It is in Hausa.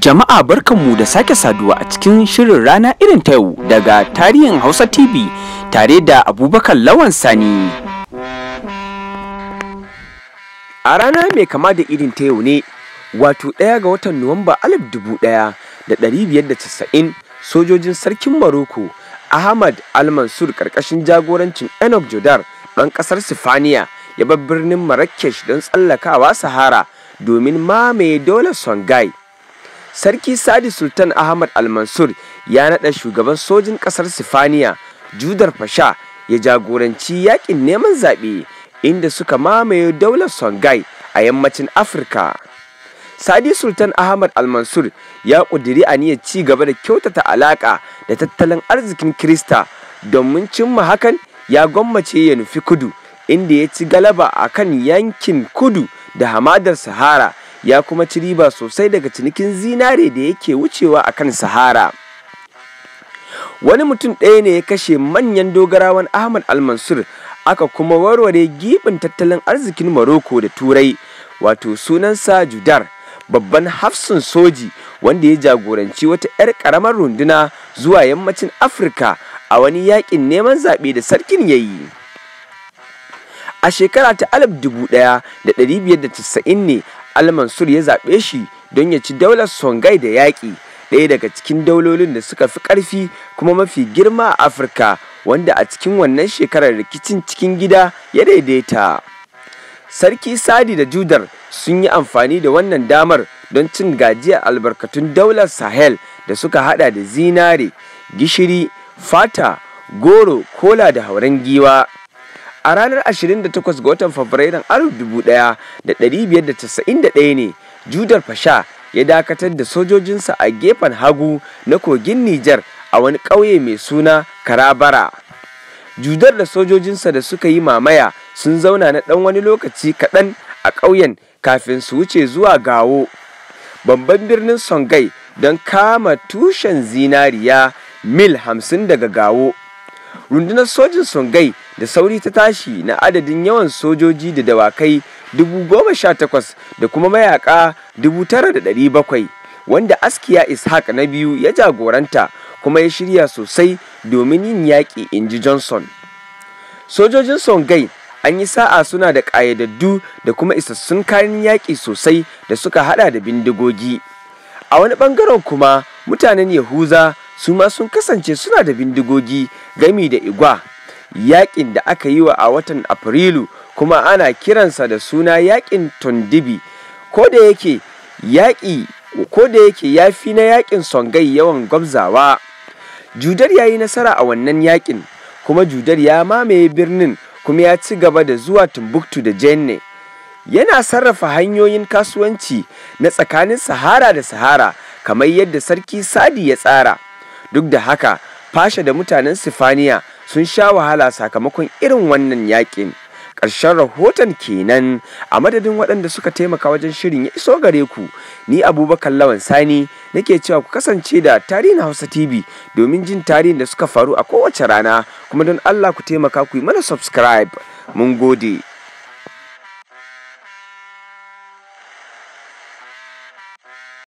Jama'a barkanmu da sake saduwa a cikin shirin rana irin ta yau daga tarihin Hausa TV tare da Abubakar Lawan Sani. A rana mai kama da irin ta yau ne, wato ɗaya ga watan Nuwamba alif dubu ɗaya da ɗari biyar da casa'in sojojin sarkin Maroko Ahmad al ƙarƙashin jagorancin Enoch Jodar ɗan ƙasar Sifaniya ya bar birnin Marrakesh don tsallakawa Sahara domin mamaye dole Songhai. sarki sadi sultan ahmad al-mansur ya naɗa shugaban sojin ƙasar sifaniya judar fasha ya jagoranci yaƙin neman zaɓe inda suka mamaye daular songhai a yammacin afirka sadi sultan ahmad al-mansur ya ƙudiri aniyar ci gaba da kyautata alaƙa da tattalin arzikin kirista, domin cimma hakan ya gwammace ya nufi kudu inda ya ci galaba a kan yankin kudu da hamadar sahara ya kuma ci riba sosai daga cinikin zinare da yake wucewa a kan sahara wani mutum ɗaya ne ya kashe manyan dogarawan ahmad almansur aka kuma warware gibin tattalin arzikin maroko da turai wato sunansa judar babban hafsun soji wanda ya jagoranci wata 'yar ƙaramar runduna zuwa yammacin afirka a wani yaƙin neman zaɓe da sarkin ya yi a shekara ta 1590 ne almansur ya zaɓe shi don ya ci daular songai da yaƙi ɗaya daga cikin daulolin da suka fi ƙarfi kuma mafi girma a afirka wanda a cikin wannan shekarar rikicin cikin gida ya daidaita sarki sadi da judar sun yi amfani da wannan damar don cin gajiyar albarkatun daular sahel da suka hada da zinare gishiri fata goro kola da hauren giwa a ranar 28 ga watan Fabrairun 1591 ne Judar Fasha ya dakatar da sojojinsa a gefen hagu na kogin Nijar a wani ƙauye mai suna Karabara. Judar da sojojinsa da suka yi mamaya sun zauna na ɗan wani lokaci kaɗan a ƙauyen kafin su wuce zuwa gawo. Babban birnin Songai don kama tushen zinariya mil hamsin daga gawo. rundunar sojin songai da sauri ta tashi na adadin yawan sojoji da dawakai dubu goma sha takwas da kuma mayaka dubu tara da ɗari bakwai wanda askiya ishaq na biyu ya jagoranta kuma ya shirya sosai domin yin yaƙi in ji johnson sojojin songai an yi sa'a suna da ƙayyadaddu da kuma isassun kayan yaƙi sosai da suka hada da bindigogi a wani ɓangaren kuma mutanen yahuza su ma sun kasance suna da bindigogi gami da igwa yakin da aka yi wa a watan afrilu kuma ana kiransa da suna yakin tondibi ko da yake yaƙi ko yake ya fi na yakin songai yawan gwamzawa judar ya yi nasara a wannan yakin kuma judar ya mamaye birnin kuma ya ci gaba da zuwa timbuktu da jenne yana sarrafa hanyoyin kasuwanci na tsakanin sahara da sahara kamar yadda sarki sadi ya tsara duk da haka fasha da mutanen sifaniya sun sha wahala sakamakon irin wannan yakin ƙarshen rahoton kenan a madadin waɗanda suka taimaka wajen shirin ya iso gare ku ni abubakar lawan sani nake cewa ku kasance da tarihin hausa tv domin jin tarihin da suka faru a kowace rana kuma don allah ku taimaka ku yi mana subscribe mun gode